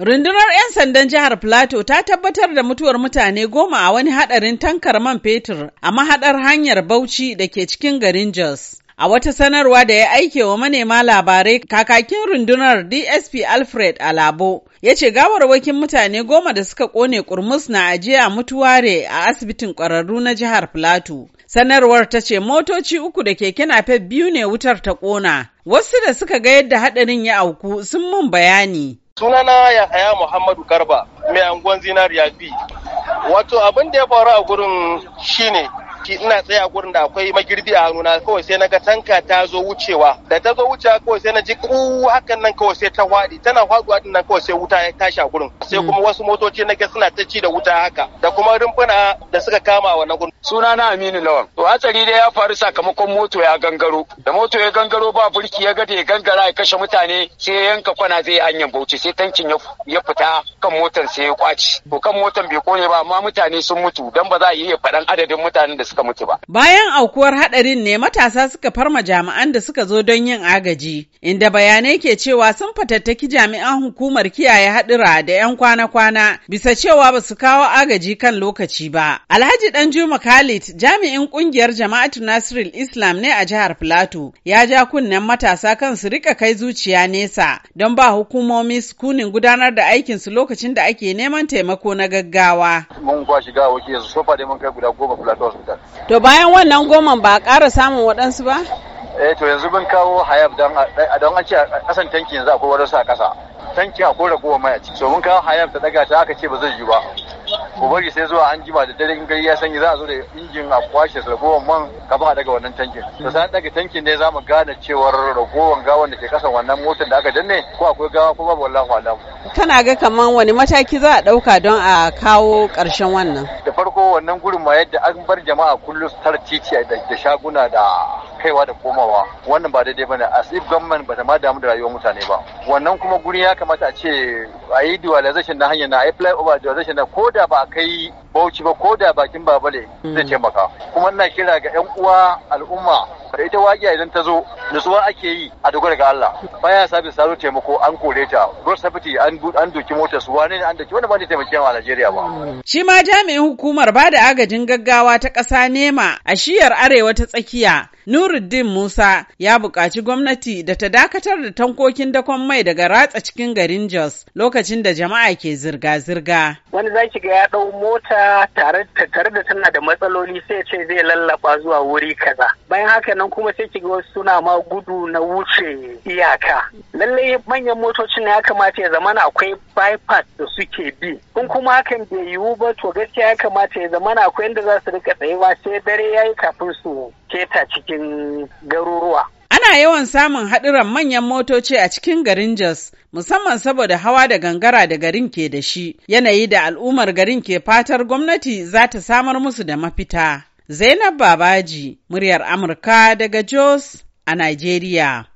Rundunar 'yan sandan jihar Plateau ta tabbatar da mutuwar mutane goma a wani hadarin tankar man fetur a mahadar hanyar Bauchi da ke cikin garin Jos. A wata sanarwa da ya aike wa manema labarai kakakin rundunar DSP Alfred Alabo ya ce gawarwakin mutane goma da suka kone kurmus na ajiye a mutuware a asibitin kwararru na jihar Plateau. Sanarwar ta ce motoci uku da keke napep biyu ne wutar ta kona. Wasu da suka ga yadda haɗarin ya auku sun mun bayani. sunana yahaya muhammadu garba mai anguwan zinariya b wato abin da ya faru a gurin shine ciki ina tsaya gurin da akwai magirbi a hannuna kawai sai naga tanka ta zo wucewa da ta zo wucewa kawai sai na ji ku hakan nan kawai sai ta hwadi tana hwaduwa din nan kawai sai wuta ya tashi a gurin sai kuma wasu motoci na suna ta ci da wuta haka da kuma rumfuna da suka kama wannan gurin. Suna na Aminu Lawan. To hatsari dai ya faru sakamakon moto ya gangaro. Da moto ya gangaro ba burki ya gade ya gangara ya kashe mutane sai ya yanka kwana zai hanyar bauchi sai tankin ya fita kan motar sai ya kwaci. To kan motar bai kone ba amma mutane sun mutu dan ba za a iya faɗan adadin mutanen da suka suka mutu ba. Bayan aukuwar haɗarin ne matasa suka farma jami'an da suka zo don yin agaji, inda bayanai ke cewa sun fatattaki jami'an hukumar kiyaye haɗura da 'yan kwana-kwana bisa cewa ba su kawo agaji kan lokaci ba. Alhaji Danjuma Khalid jami'in ƙungiyar jama'atu Nasiril Islam ne a jihar Filato ya ja kunnen matasa kan su rika kai zuciya nesa don ba hukumomi sukunin gudanar da aikinsu lokacin da ake neman taimako na gaggawa. Mun kwashi gawa sofa da mun kai guda goma Filato Hospital. to bayan wannan goman ba a ƙara samun waɗansu ba eh to yanzu bin kawo hayab don an ce a ƙasan tanki yanzu akwai wadansu a ƙasa tanki akwai ragowa mai a ciki so mun kawo hayab ta daga ta aka ce ba zai yi ba ku bari sai zuwa an jima da dare in gari ya sanyi za a zo da injin a kwashe ragowar man ka ba daga wannan tankin to sai daga tankin ne za mu gane cewar ragowar gawan da ke ƙasan wannan motar da aka danne ko akwai gawa ko babu wallahu alam kana ga kaman wani mataki za a dauka don a kawo karshen wannan wannan gurin ma yadda an bar jama'a kullum tara titi da shaguna da kaiwa da komawa wannan ba daidai bane as if gwamnati bata ma damu da rayuwar mutane ba wannan kuma guri ya kamata a ce a yi dualization na hanyar na a yi over dualization na ko da ba a kai bauchi ba ko da bakin babale zai hmm. taimaka kuma ina kira ga yan uwa al'umma da ita waƙiya idan ta zo nutsuwa ake yi a dogara ga Allah baya sabis salo taimako an kore ta road safety an an doki motar su wane ne an doki wanda ba ne yawa a Najeriya ba shi ma jami'in hukumar ba da agajin gaggawa ta ƙasa nema a shiyar arewa ta tsakiya Nuruddin Musa ya buƙaci gwamnati da ta dakatar da tankokin dakon mai daga ratsa cikin garin Jos lokacin da jama'a ke zirga-zirga. Wani zaki ga ya ɗau mota tare da tana da matsaloli sai ce zai lallaba zuwa wuri kaza. Bayan haka nan kuma sai kiga wasu suna ma gudu na wuce iyaka. Lallai manyan motocin ya kamata ya zamana akwai bypass da suke bi in kuma hakan bai yiwu ba to gaskiya ya kamata ya zama na akwai inda za su rika tsayewa sai dare ya yi kafin su keta cikin garuruwa Ana yawan samun haɗuran manyan motoci a cikin garin Jos, musamman saboda hawa da gangara da garin ke da shi, yanayi da al'ummar garin ke fatar gwamnati za ta samar musu da mafita. Zainab Babaji, muryar Amurka daga Jos a Najeriya.